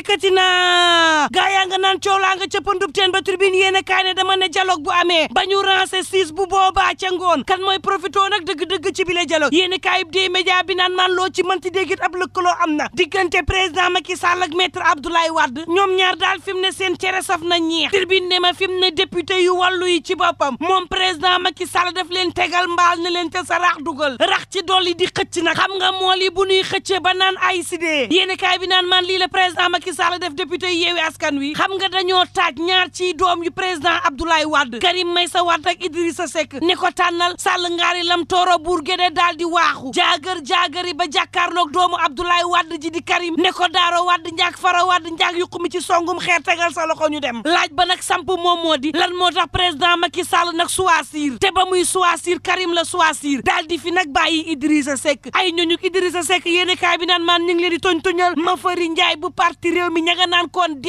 dikkati na gaa yaa nga naan coow laa nga cëppandub teen ba tribune yéene kaay ne dama ne dialogue bu amee ba ñu rancé siis bu boobaa ca ngoon kan mooy profito nag dëgg-dëgg ci bile dialogue yéene kaay bi dee média bi naan man loo ci mënti déggit ab lëkkaloo am na diggante président Macky Sall ak maître Abdoulaye Wade ñoom ñaar daal fi mu ne seen cere saf na ñeex tribune ne ma fi mu ne député yu wàllu yi ci boppam moom président Macky Sall daf leen tegal mbaal ne leen te sa rax dugal rax ci dolli di xëcc nag xam nga mool yi bu ba naan ay sidee yéene kaay Macky Sall def député yi yeewi askan wi xam nga dañoo taaj ñaar ci doom yu président Abdoulaye Wade Karim sa Wade ak Idrissa Seck ne ko tànnal Sall ngaari lam tooro buur gédee daal di waaxu jaagar jaagari ba jàkkaarloog doomu Abdoulaye Wade ji di Karim ne ko daaro Wade njaag fara Wade njaag yu xumi ci songum xeer tegal sa loxo ñu dem laaj ba nag samp moom moo di lan moo tax président Macky Sall nag choisir te ba muy choisir Karim la choisir daal di fi nag bàyyi Idrissa ay ñooñu Idrissa Seck yéene kaay ma fari Njaay bu réew mi ña nga naan koon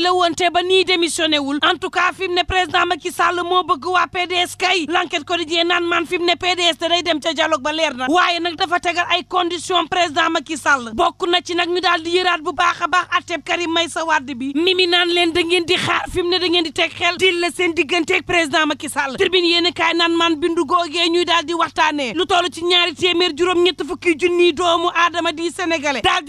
la woon te ba nii wul en tout cas fi ne président Macky Sall moo bëgg waa PDS kay l'enquête quotidien naan man fi mu ne PDS te day dem ca dialogue ba leer na waaye nag dafa tegal ay condition président Macky Sall bokk na ci nag ñu daal di yëraat bu baax a baax a atteb Karim Meïssa Wade bi mimi naan leen da ngeen di xaar fi mu ne da ngeen di teg xel dil la seen digganteeg président Macky Sall tribune yéen kaay naan man bindu googee ñuy daal di waxtaanee lu toll ci ñaari téeméer juróom ñett fukki junniy doomu aadama di sénégalais daal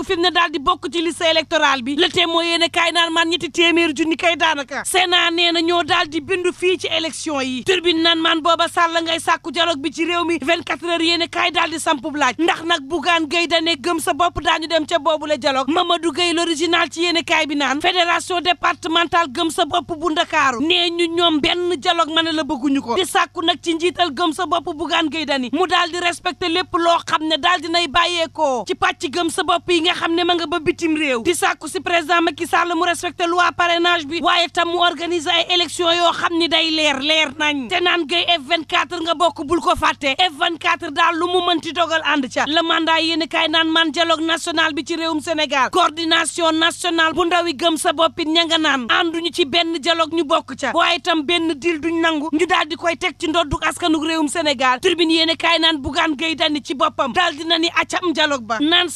sàkku fi ne daal di bokk ci liste électorale bi le témoin yéen a kaay naan maan ñetti téeméeri junni kay daanaka Sénat nee na ñoo daal di bindu fii ci élection yi turbine naan maan booba Sall ngay sàkku dialogue bi ci réew mi 24 heures yéen daal di sampub laaj ndax nag Bougane Gueye dane gëm sa bopp daañu dem ca boobu la dialogue Mamadou Gueye l'original ci yéen a kaay bi naan fédération départementale gëm sa bopp bu Ndakaaru nee ñu ñoom benn dialogue mën la bëgguñu ko di sàkku nag ci njiital gëm sa bopp Bougane Gueye dani mu daal di respecté lépp loo xam ne daal dinay bàyyeekoo ci pàcc gëm sa bopp yi nga xam ne ma nga ba bitim réew di sàkku si président Macky Sall mu respecté loi parrainage bi waaye tam mu organiser ay élection xam ni day leer leer nañ te naan gay F24 nga bokk bul ko fàtte F24 daal lu mu mënti dogal ànd ca man mandat yéen kaay naan man dialogue national bi ci réewum Sénégal coordination nationale bu ndaw yi gëm sa boppit ña nga naan ànduñu ci benn dialogue ñu bokk ca waaye tam benn dil duñ nangu ñu daal di koy teg ci ndoddug askanug réewum Sénégal tribune yéen kaay naan bugaan gay dani ci boppam daal dina ni acam dialogue ba naan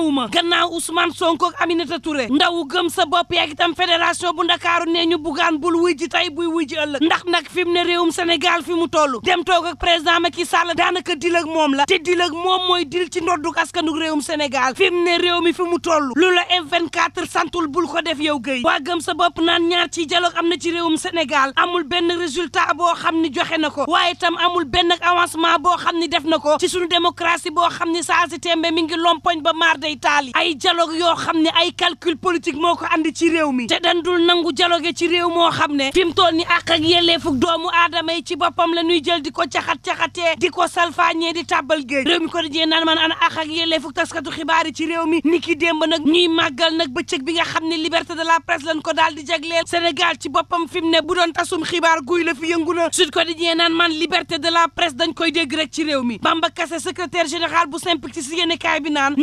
ñëwuma gannaaw Ousmane Sonko ak Aminata Touré ndawu gëm sa bopp yeeg itam fédération bu ndakaaru nee ñu bugaan bul wuy ji tey buy wuy ji ëllëg ndax nag fi mu ne réew Sénégal fi mu tollu dem toog ak président Macky Sall daanaka dil ak moom la te dil moom mooy dil ci ndodduk askanuk réewum Sénégal fi mu ne réew mi fi mu toll lu la F24 santul bul ko def yow gëy waa gëm sa bopp naan ñaar ci dialogue am na ci réewum Sénégal amul benn résultat boo xam ni joxe na ko waaye itam amul benn avancement boo xam ni def na ko ci suñu démocratie day taali ay dialogue yoo xam ne ay calcul politique moo ko andi ci réew mi te dañ dul nangu dialogue ci réew moo xam ne fi mu toll ni àq ak yelleefug doomu aadama ci boppam la ñuy jël di ko caxat-caxatee di ko salfaañee di tàbbal géej réew mi ko dajee naan man ana àq ak yelleefug taskatu xibaar yi ci réew mi ni ki nag ñuy màggal nag bëccëg bi nga xam ne liberté de la presse lañ ko daal di jag jagleel Sénégal ci boppam fi mu ne bu doon tasum xibaar guy la fi yëngu na Sud Quotidien man liberté la presse dañ koy dégg rek ci réew mi Bamba Kassé secrétaire général bu simple ci yéenekaay bi naan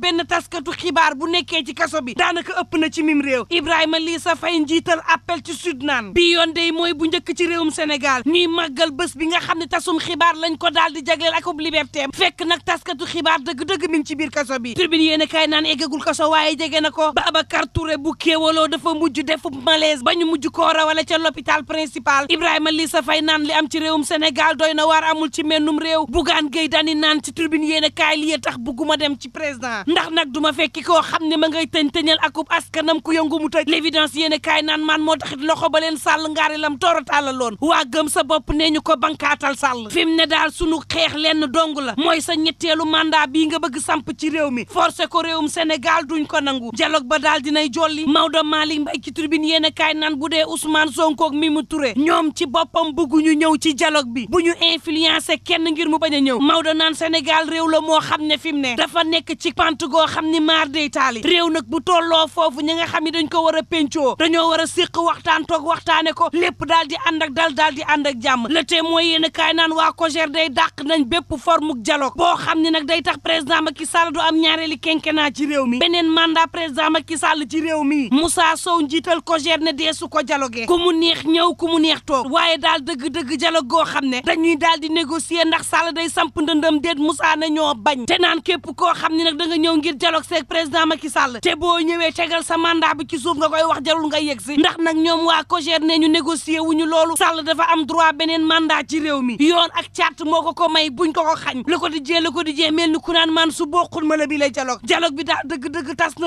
benn taskatu xibaar bu nekkee ci kaso bi daanaka ëpp na ci mim réew Ibrahima Lissa fay njiital appel ci sud naan bi yoon dey mooy bu njëkk ci réewum Sénégal ñuy màggal bés bi nga xam ne tasum xibaar lañ ko daal di jagleel ak ub liberté fekk nag taskatu xibaar dëgg-dëgg mi ci biir kaso bi tribune yéen kaay naan eggagul kaso waaye jege na ko Babacar Touré bu kéewaloo dafa mujj defub malaise ba ñu mujj koo rawale ca l'hôpital principal Ibrahima Lissa Faye naan li am ci réewum Sénégal doy na waar amul ci mennum réew Bougane Gueye Dany naan ci tribune yéen kaay li tax bugguma dem ci président ndax nag du ma ko koo xam ne ma ngay tëñ-tëñal akub askanam ku yëngu mu tëj l'évidence yéen kaay naan man moo taxit loxo ba leen sàll ngaari lam tooratàlla loon waa gëm sa bopp nee ñu ko bankaatal sàll fi mu ne daal suñu xeex lenn dong la mooy sa ñetteelu mandat bii nga bëgg samp ci réew mi forcé ko réewum senegal duñ ko nangu dialogue ba daal dinay jolli Maodo Malick Mbaye ci tribune yéen kaay naan bu dee Ousmane Sonko mi mu Touré ñoom ci boppam bëgguñu ñëw ci dialogue bi bu ñu influencé kenn ngir mu bañ a ñëw Maodo naan Sénégal réew la moo xam ne fi mu ne dafa nekk ci pant cant goo xam ne maar day taali réew nag bu tolloo foofu ñi nga xam ni dañ ko war a pencoo dañoo war a séq waxtaan toog waxtaane ko lépp daal di ànd ak dal daal di ànd ak jàmm le témoin yéen a kaay naan waa COJER day dàq nañ bépp forme dialogue boo xam ni nag day tax président Macky Sall du am ñaareeli quinquennat ci réew mi beneen mandat président Macky Sall ci réew mi Moussa Sow njiital ko COJER ne dee ko dialogué ko mu neex ñëw ko mu neex toog waaye daal dëgg-dëgg dialogue goo xam ne dañuy daal di négocier ndax Sall day samp ndëndëm déet Moussa ne ñoo bañ te naan képp koo xam ni nag ñëw ngir dialogue seeg président Macky Sall te boo ñëwee tegal sa mandat bi ci suuf nga koy wax jarul nga yegg si ndax mi yoon ak càtt ko ko may ko ko xañ Le Quotidien Le Quotidien ku su bokkul ma la bi lay na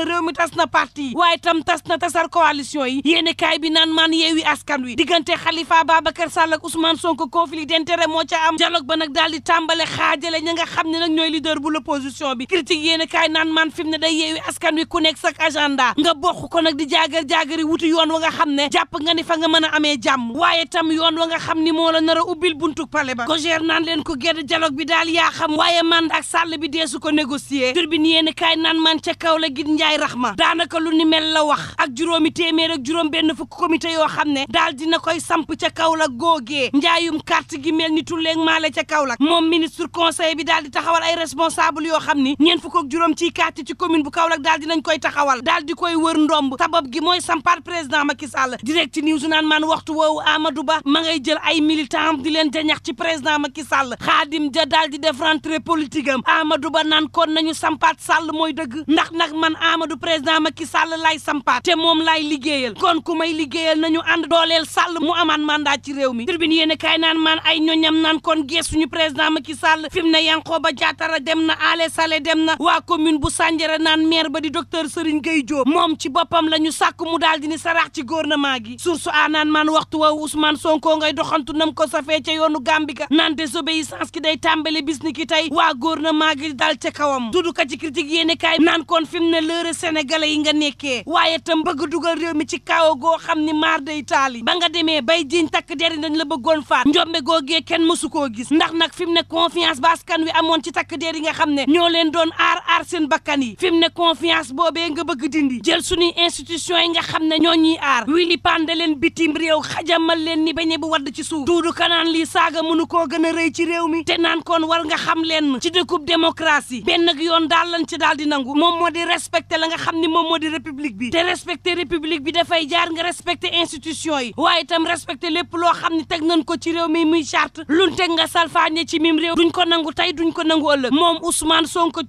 réew mi na parti yi waaye tam tas na tasar coalition yi yéeni kaay bi naan maan yeewi askan wi diggante Khalifa Babacar Sall ak Ousmane Sonko conflit d'intérêt moo ca am dialogue ba nag daal di tàmbale xaajale ña nga xam ne nag ñooy leader bu l'opposition bi critique yéeni kaay naan man fi mu ne day yeewi askan wi ku nekk sak agenda nga bokk ko nag di jaagar jaagari wuti yoon wa nga xam ne jàpp nga ne fa nga mën a amee jàmm waaye tam yoon wa nga xam ni moo la nar a ubbil buntu pale ba gogèr naan leen ko gedd dialogue bi daal yaa xam waaye man ak sàll bi deesu ko négocier tur bi yéen kaay naan man ca kaw la gid njaay raxma daanaka lu ni mel la wax ak juróomi téeméer ak juróom benn fukk comité yoo xam ne daal dina koy samp ca kaw la njaayum carte gi mel ni tulleeg maale ca kaw moom ministre conseil bi daal di taxawal ay responsable yoo xam ni juróom ci ci kaati ci commune bu Kaolack daal dinañ koy taxawal daal di koy wër ndomb sabab gi mooy sampaat président Macky Sall direct news naan man waxtu woowu Amadou Ba ma ngay jël ay militant di leen jañax ci président Macky Sall xaadim ja daal di def rentrée politique am Amadou Ba naan kon nañu sampaat Sall mooy dëgg ndax nag man Amadou président Macky Sall laay sampaat te moom laay liggéeyal kon ku may liggéeyal nañu ànd dooleel Sall mu amaan mandat ci réew mi tribune yéen kaay naan man ay ñoñam naan kon geesuñu président Macky Sall fi mu ne Yankhoba Diattara dem na Alé Salé dem na waa commune bu Sandiara naan maire ba di docteur Serigne Gueye Diop moom ci boppam la ñu sàkk mu daal di ni saraax ci gouvernement gi source a naan man waxtu wa Ousmane Sonko ngay doxantu nam ko safee ca yoonu Gàmbi ga naan désobéissance ki day tàmbali bis ni ki tey waa gouvernement gi dal ca kawam dudu ka ci critique kaay naan kon fi mu ne lëre sénégalais yi nga nekkee waaye dugal réew mi ci kaawa goo xam ni maar day taali ba nga demee bay jiñ takk deri dañ la bëggoon faat njombe googee kenn mësu koo gis mu ne confiance ba askan wi amoon seen bakkan yi fi mu ne confiance boobee nga bëgg dindi jël suñuy institution yi nga xam ne ñoo ñuy aar wili pande leen bitim réew xajamal leen ni bañe bu wadd ci suuf duudu kanaan lii saaga mënu koo gën a ci réew mi te naan koon war nga xam leen ci dëkkub démocratie benn yoon daal lañ ci daal di nangu moom moo di respecté la nga xam ni moom moo di république bi te respecté république bi dafay jaar nga respecté institution yi waaye itam respecté lépp loo xam ne teg nañ ko réew mi muy charte luñ teg nga salfaañe ci mim réew duñ ko ko nangu ëllëg moom Ousmane Sonko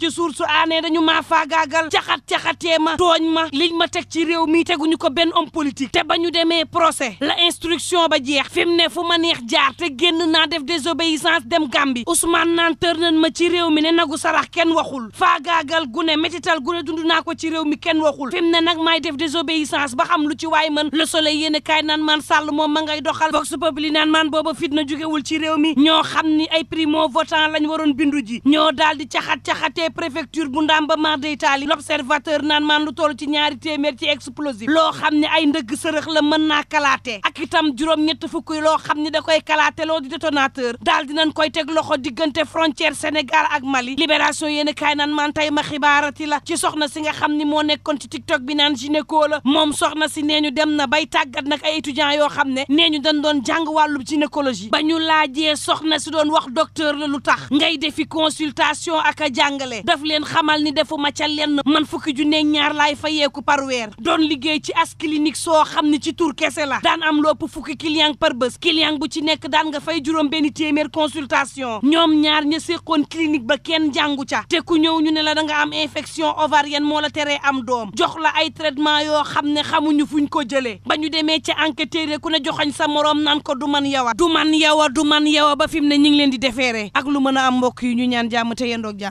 ne dañu maa faagaagal caxat caxatee ma tooñ ma liñ ma teg ci réew mi teguñu ko benn homme politique te ba ñu demee procès la instruction ba jeex fi ne fu ma neex jaar te génn naa def désobéissance dem gambi Ousmane naan tër ma ci réew mi ne nagu sarax kenn waxul faagaagal gu ne gu dund naa ko ci réew mi kenn waxul fi ne nag maay def désobéissance ba xam lu ci waay mën le soleil yéen kaay naan man sàll moom ma ngay doxal vox populi naan man booba na jugewul ci réew mi ñoo xam ni ay primo votant lañ waroon bindu ji ñoo daal di caxat caxatee préfecture bu ndamba maar day taali l'observateur naan maan lu toll ci ñaari téeméer ci explosif loo xam ne ay ndëgg sërëx mën naa kalaate ak itam juróom-ñett fukki loo xam ne da koy kalaate loo di détonateur daal dinañ koy teg loxo diggante frontière Sénégal ak Mali libération yéen kaay naan maan tey ma xibaarati la ci soxna si nga xam ni moo nekkoon ci tiktok bi naan gynéco la moom soxna si nee ñu dem na bay tàggat nag ay étudiants yoo xam ne nee ñu dañ doon jàng wàllu gynécologie ba ñu laajee soxna si doon wax docteur la lu tax ngay defi consultation ak a xamal ni defu ca lenn man fukki junne ñaar laay fayeeku par weer doon liggéey ci as clinique soo xam ni ci tur kese la daan am lopp fukki client par bés client bu ci nekk daan nga fay juróom benni téeméer consultation ñoom ñaar ña séqoon clinique ba kenn jàngu ca te ku ñëw ñu ne la da nga am infection ovarienne moo la tere am doom jox la ay traitement yoo xam ne xamuñu fuñ ko jëlee ba ñu demee ca enquêteur ku ne joxoñ sa moroom naan ko du man yowa du man yowa du man yowa ba fi mu ne ñu ngi leen di defeere ak lu mën a mbokk yi ñu ñaan jàmm te yendoog